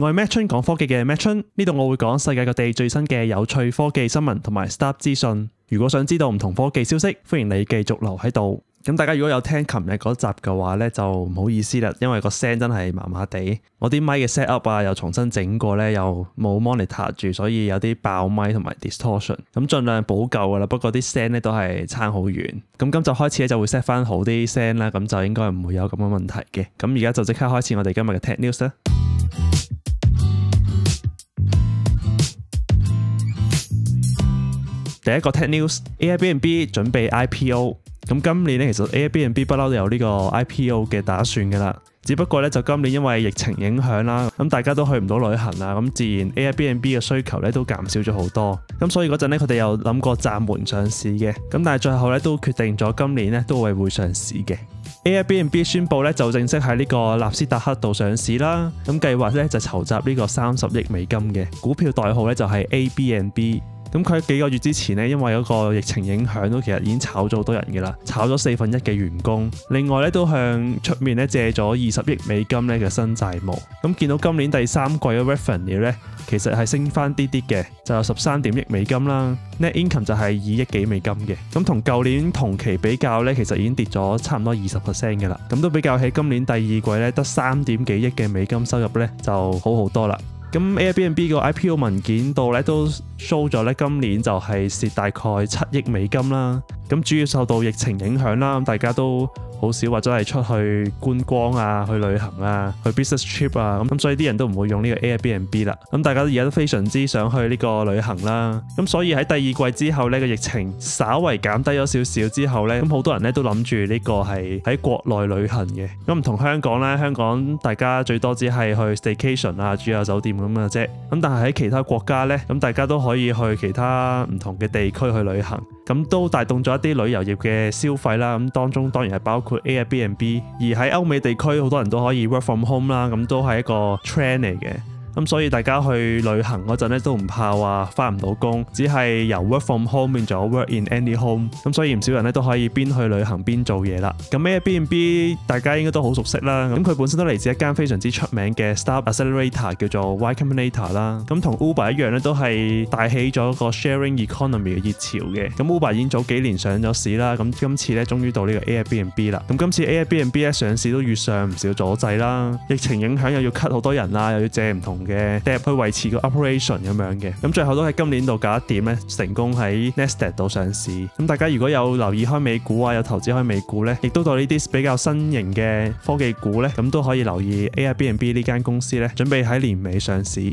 我係 Matron 講科技嘅 Matron 呢度，我會講世界各地最新嘅有趣科技新聞同埋 startup 資訊。如果想知道唔同科技消息，歡迎你繼續留喺度。咁大家如果有聽琴日嗰集嘅話呢，就唔好意思啦，因為個聲真係麻麻地，我啲咪嘅 set up 啊又重新整過呢，又冇 monitor 住，所以有啲爆咪同埋 distortion。咁盡量補救噶啦，不過啲聲呢，都係差好遠。咁咁就開始咧就會 set 翻好啲聲啦，咁就應該唔會有咁嘅問題嘅。咁而家就即刻開始我哋今日嘅 tech news 啦。第一個 tech news，Airbnb 準備 IPO。咁今年咧，其實 Airbnb 不嬲都有呢個 IPO 嘅打算噶啦。只不過咧，就今年因為疫情影響啦，咁大家都去唔到旅行啦，咁自然 Airbnb 嘅需求咧都減少咗好多。咁所以嗰陣咧，佢哋又諗過暫緩上市嘅。咁但係最後咧，都決定咗今年咧都係會上市嘅。Airbnb 宣布咧就正式喺呢個納斯達克度上市啦。咁計劃咧就籌集呢個三十億美金嘅股票代號咧就係 ABNB。咁佢幾個月之前呢，因為嗰個疫情影響，都其實已經炒咗好多人嘅啦，炒咗四分一嘅員工。另外咧，都向出面咧借咗二十億美金咧嘅新債務。咁見到今年第三季嘅 Revenue 咧，其實係升返啲啲嘅，就有十三點億美金啦。Net Income 就係二億幾美金嘅。咁同舊年同期比較咧，其實已經跌咗差唔多二十 percent 嘅啦。咁都比較起今年第二季咧，得三點幾億嘅美金收入咧，就好好多啦。咁 Airbnb 個 IPO 文件到呢都 show 咗呢，今年就係蝕大概七億美金啦。咁主要受到疫情影響啦，咁大家都好少或者係出去觀光啊、去旅行啊、去 business trip 啊，咁咁所以啲人都唔會用呢個 Airbnb 啦。咁大家而家都非常之想去呢個旅行啦。咁所以喺第二季之後咧，個疫情稍微減低咗少少之後咧，咁好多人咧都諗住呢個係喺國內旅行嘅。咁唔同香港咧，香港大家最多只係去 staycation 啊，住下酒店咁嘅啫。咁但係喺其他國家咧，咁大家都可以去其他唔同嘅地區去旅行。咁都帶動咗一啲旅遊業嘅消費啦，咁當中當然係包括 Airbnb，而喺歐美地區好多人都可以 work from home 啦，咁都係一個 trend 嚟嘅。咁、嗯、所以大家去旅行嗰陣咧都唔怕話翻唔到工，只係由 work from home 變咗 work in any home、嗯。咁所以唔少人咧都可以邊去旅行邊做嘢啦。咁、嗯、Airbnb 大家應該都好熟悉啦。咁、嗯、佢、嗯、本身都嚟自一間非常之出名嘅 startup accelerator 叫做 Y Combinator 啦。咁、嗯、同、嗯、Uber 一樣咧，都係帶起咗個 sharing economy 嘅熱潮嘅。咁、嗯嗯、Uber 已經早幾年上咗市啦。咁、嗯、今次咧終於到呢個 Airbnb 啦。咁、嗯、今次 Airbnb 上市都遇上唔少阻滯啦。疫情影響，又要 cut 好多人啦，又要借唔同。嘅，入去維持個 operation 咁樣嘅，咁最後都喺今年度搞一點咧，成功喺 Nasdaq 度上市。咁大家如果有留意開美股啊，有投資開美股咧，亦都對呢啲比較新型嘅科技股咧，咁都可以留意 Airbnb 呢間公司咧，準備喺年尾上市。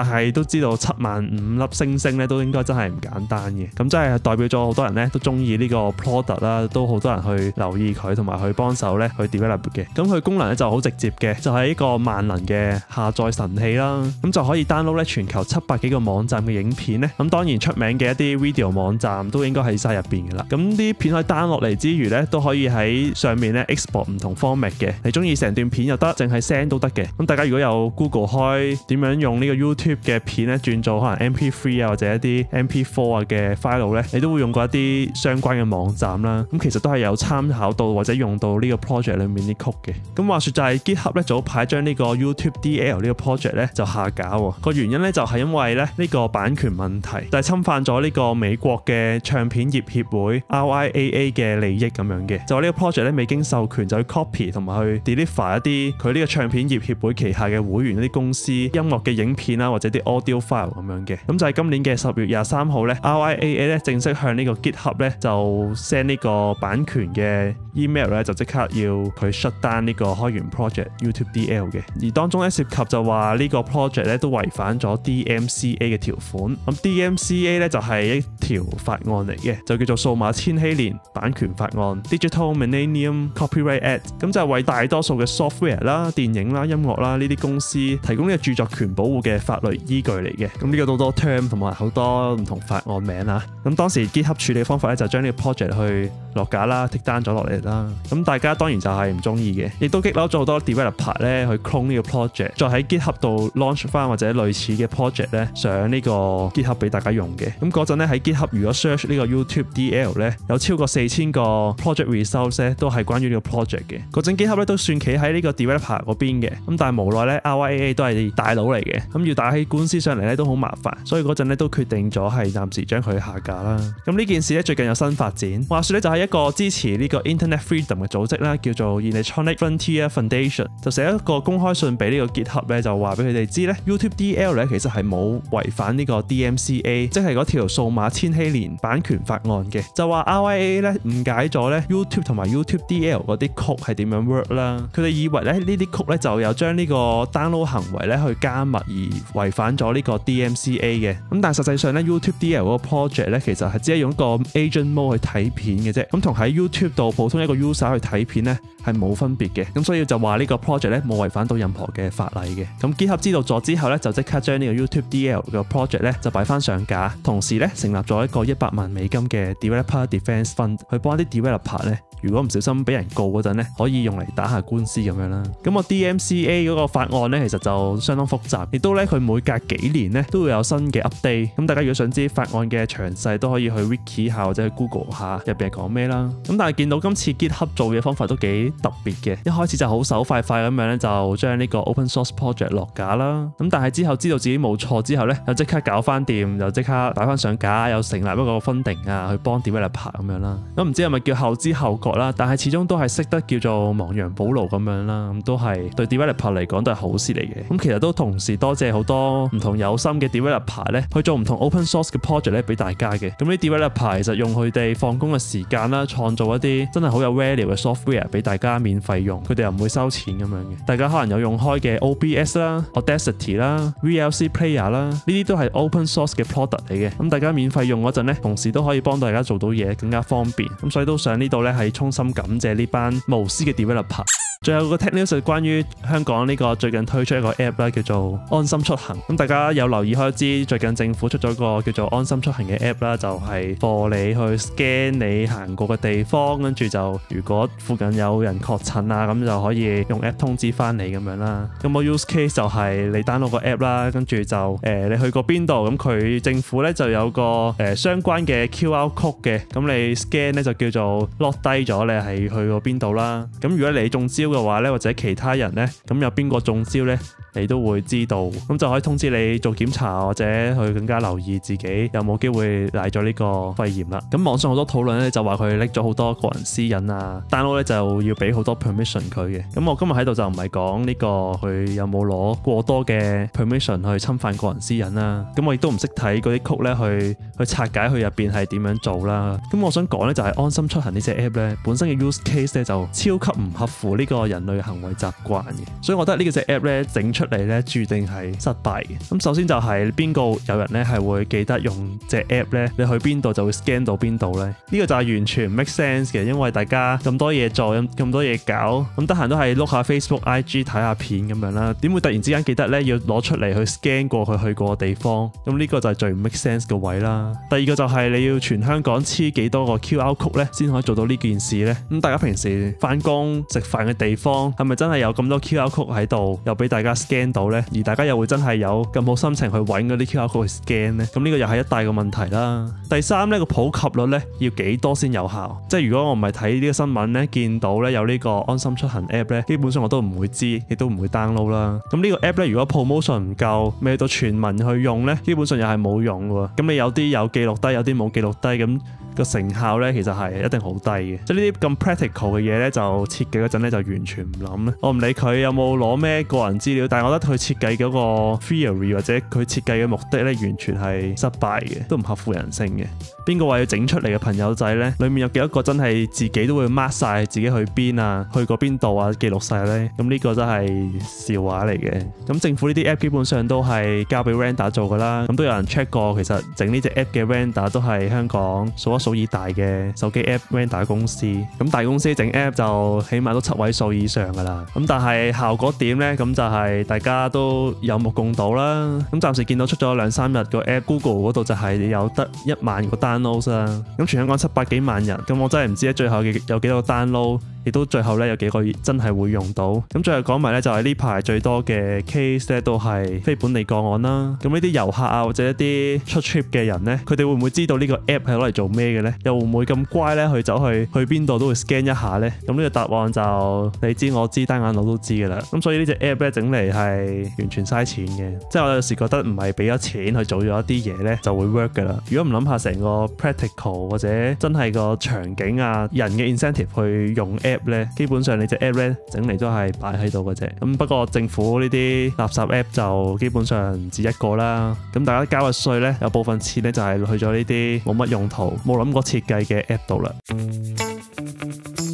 但係都知道七萬五粒星星咧，都應該真係唔簡單嘅。咁真係代表咗好多人咧，都中意呢個 Plotter 啦，都好多人去留意佢，同埋去幫手咧去 develop 嘅。咁佢功能咧就好直接嘅，就係一個萬能嘅下載神器啦。咁就可以 download 咧全球七百幾個網站嘅影片咧。咁當然出名嘅一啲 video 網站都應該喺晒入邊噶啦。咁啲片可以 download 落嚟之餘咧，都可以喺上面咧 export 唔同 format 嘅。你中意成段片又得，淨係 send 都得嘅。咁大家如果有 Google 開，點樣用呢個 YouTube？YouTube 嘅片咧轉做可能 MP3 啊或者一啲 MP4 啊嘅 file 咧，你都會用過一啲相關嘅網站啦。咁其實都係有參考到，或者用到呢個 project 裏面啲曲嘅。咁話說就係 GitHub 咧早排將呢個 YouTube DL 呢個 project 咧就下架喎。個原因咧就係因為咧呢個版權問題，就係侵犯咗呢個美國嘅唱片業協會 RIAA 嘅利益咁樣嘅。就係呢個 project 咧未經授權就 cop 去 copy 同埋去 deliver 一啲佢呢個唱片業協會旗下嘅會員一啲公司音樂嘅影片啦。或者啲 audio file 咁樣嘅，咁就係今年嘅十月廿三號咧，RIAA 咧正式向呢個 GitHub 咧就 send 呢個版權嘅 email 咧，就即刻要佢 shutdown 呢個開源 project YouTube DL 嘅，而當中咧涉及就話呢個 project 咧都違反咗 DMCA 嘅條款，咁 DMCA 咧就係一條法案嚟嘅，就叫做數碼千禧年版權法案 （Digital Millennium Copyright Act），咁就係為大多數嘅 software 啦、電影啦、音樂啦呢啲公司提供呢個著作權保護嘅法案。類依據嚟嘅，咁呢個好多，多 term 同埋好多唔同法案名啦。咁當時 GitHub 處理方法咧，就是，將呢個 project 去落架啦，剔單咗落嚟啦。咁大家當然就係唔中意嘅，亦都激嬲咗好多 developer 咧去 clone 呢個 project，再喺 GitHub 度 launch 翻或者類似嘅 project 咧上呢個 GitHub 俾大家用嘅。咁嗰陣咧喺 GitHub 如果 search 呢個 YouTube DL 咧，有超過四千個 project resource 咧都係關於這個的呢個 project 嘅。嗰陣 GitHub 咧都算企喺呢個 developer 嗰邊嘅，咁但係無奈咧 RIAA 都係大佬嚟嘅，咁要打起官司上嚟咧都好麻煩，所以嗰陣咧都決定咗係暫時將佢下架啦。咁呢件事咧最近有新發展，話說咧就係一個支持呢個 Internet Freedom 嘅組織啦，叫做 Electronic Frontier Foundation，就寫了一個公開信俾呢個 GitHub 咧，就話俾佢哋知咧 YouTube DL 咧其實係冇違反呢個 DMCA，即係嗰條數碼千禧年版權法案嘅，就話 RIAA 咧誤解咗咧 YouTube 同埋 YouTube DL 嗰啲 code 係點樣 work 啦，佢哋以為咧呢啲 code 咧就有將呢個 download 行為咧去加密而。違反咗呢個 DMCA 嘅，咁但係實際上咧 YouTube DL 嗰個 project 咧，其實係只係用一個 agent mode 去睇片嘅啫，咁同喺 YouTube 度普通一個 user 去睇片咧係冇分別嘅，咁所以就話呢個 project 咧冇違反到任何嘅法例嘅，咁結合知道咗之後咧，就即刻將呢個 YouTube DL 嘅 project 咧就擺翻上架，同時咧成立咗一個一百萬美金嘅 Developer Defense Fund 去幫啲 developer 咧，如果唔小心俾人告嗰陣咧，可以用嚟打下官司咁樣啦。咁個 DMCA 嗰個法案咧，其實就相當複雜，亦都咧佢。每隔幾年咧都會有新嘅 update，咁大家如果想知法案嘅詳細都可以去 wiki 下或者去 Google 下入邊講咩啦。咁但係見到今次結合做嘅方法都幾特別嘅，一開始就好手快快咁樣咧就將呢個 open source project 落架啦。咁但係之後知道自己冇錯之後咧又即刻搞翻掂，又即刻打翻上架，又成立一個分 u 啊去幫 developer 咁樣啦。咁唔知係咪叫後知後覺啦？但係始終都係識得叫做亡羊補牢咁樣啦。咁都係對 developer 嚟講都係好事嚟嘅。咁其實都同時謝很多謝好多。唔同有心嘅 developer 咧，去做唔同 open source 嘅 project 咧，俾大家嘅。咁、er、呢啲 developer 其實用佢哋放工嘅時間啦，創造一啲真係好有 value 嘅 software 俾大家免費用，佢哋又唔會收錢咁樣嘅。大家可能有用開嘅 OBS 啦、Audacity 啦、VLC player 啦，呢啲都係 open source 嘅 product 嚟嘅。咁大家免費用嗰陣咧，同時都可以幫大家做到嘢更加方便。咁所以都想呢度咧，係衷心感謝呢班無私嘅 developer。最後個 tech news 係關於香港呢個最近推出一個 app 啦，叫做安心出行。咁大家有留意開知，最近政府出咗個叫做安心出行嘅 app 啦，就係 for 你去 scan 你行過嘅地方，跟住就如果附近有人確診啊，咁就可以用 app 通知翻你咁樣啦。咁、那、我、個、use case 就係你 download 個 app 啦，跟住就誒你去過邊度，咁佢政府呢就有個誒、呃、相關嘅 QR code 嘅，咁你 scan 呢就叫做落低咗你係去過邊度啦。咁如果你中招。嘅話咧，或者其他人咧，咁有邊個中招咧？你都會知道，咁就可以通知你做檢查，或者去更加留意自己有冇機會瀨咗呢個肺炎啦。咁網上好多討論咧，就話佢拎咗好多個人私隱啊，download 咧就要俾好多 permission 佢嘅。咁我今日喺度就唔係講呢個佢有冇攞過多嘅 permission 去侵犯個人私隱啦、啊。咁我亦都唔識睇嗰啲曲咧，去去拆解佢入邊係點樣做啦。咁我想講咧，就係、是、安心出行這呢隻 app 咧，本身嘅 use case 咧就超級唔合乎呢個人類行為習慣嘅，所以我覺得這呢個隻 app 咧整出。嚟咧，注定係失敗嘅。咁首先就係、是、邊個有人咧，係會記得用隻 app 咧？你去邊度就會 scan 到邊度咧？呢、這個就係完全唔 make sense 嘅，因為大家咁多嘢做，咁多嘢搞，咁得閒都係碌下 Facebook、IG 睇下片咁樣啦。點會突然之間記得咧要攞出嚟去 scan 過佢去，去過嘅地方？咁呢個就係最唔 make sense 嘅位啦。第二個就係、是、你要全香港黐幾多個 QR code 咧，先可以做到呢件事咧？咁大家平時翻工食飯嘅地方係咪真係有咁多 QR code 喺度，又俾大家 scan？驚到咧，而大家又會真係有咁好心情去揾嗰啲 QR code 去 scan 咧，咁呢個又係一大個問題啦。第三呢個普及率呢，要幾多先有效？即係如果我唔係睇呢個新聞呢，見到呢有呢個安心出行 app 呢，基本上我都唔會知，亦都唔會 download 啦。咁呢個 app 呢，如果 promotion 唔夠，未到全民去用呢，基本上又係冇用嘅。咁你有啲有記錄低，有啲冇記錄低咁。個成效呢，其實係一定好低嘅。即係呢啲咁 practical 嘅嘢呢，就設計嗰陣呢就完全唔諗咧。我唔理佢有冇攞咩個人資料，但係我覺得佢設計嗰個 theory 或者佢設計嘅目的呢，完全係失敗嘅，都唔合乎人性嘅。邊個話要整出嚟嘅朋友仔呢？裡面有幾多個真係自己都會 mark 晒，自己去邊啊，去過邊度啊，記錄晒呢。咁呢個真係笑話嚟嘅。咁政府呢啲 app 基本上都係交俾 Randa 做㗎啦。咁都有人 check 過，其實整呢隻 app 嘅 Randa 都係香港數一數數以大嘅手機 App vendor 公司，咁大公司整 App 就起碼都七位數以上噶啦。咁但係效果點呢？咁就係大家都有目共睹啦。咁暫時見到出咗兩三日個 App Google 嗰度就係有得一萬個 download 啦。咁全香港七百幾萬人，咁我真係唔知咧最後有幾多個 download。亦都最後咧有幾個真係會用到，咁最後講埋咧就係呢排最多嘅 case 咧都係非本地個案啦。咁呢啲遊客啊或者一啲出 trip 嘅人咧，佢哋會唔會知道呢個 app 係攞嚟做咩嘅咧？又會唔會咁乖咧去走去去邊度都會 scan 一下咧？咁呢個答案就你知我知，單眼佬都知噶啦。咁所以呢隻 app 咧整嚟係完全嘥錢嘅，即係我有時覺得唔係俾咗錢去做咗一啲嘢咧就會 work 噶啦。如果唔諗下成個 practical 或者真係個場景啊人嘅 incentive 去用 app。基本上你隻 app 咧整嚟都係擺喺度嘅啫，咁不過政府呢啲垃圾 app 就基本上唔止一個啦。咁大家交嘅稅咧，有部分錢咧就係去咗呢啲冇乜用途、冇諗過設計嘅 app 度啦。嗯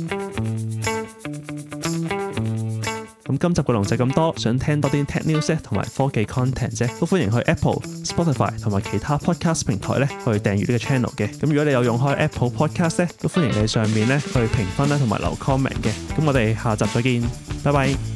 今集嘅內容就咁多，想聽多啲 tech news 同埋科技 content 啫，都歡迎去 Apple、Spotify 同埋其他 podcast 平台咧去訂閱呢個 channel 嘅。咁如果你有用開 Apple Podcast 咧，都歡迎你上面咧去評分啦，同埋留 comment 嘅。咁我哋下集再見，拜拜。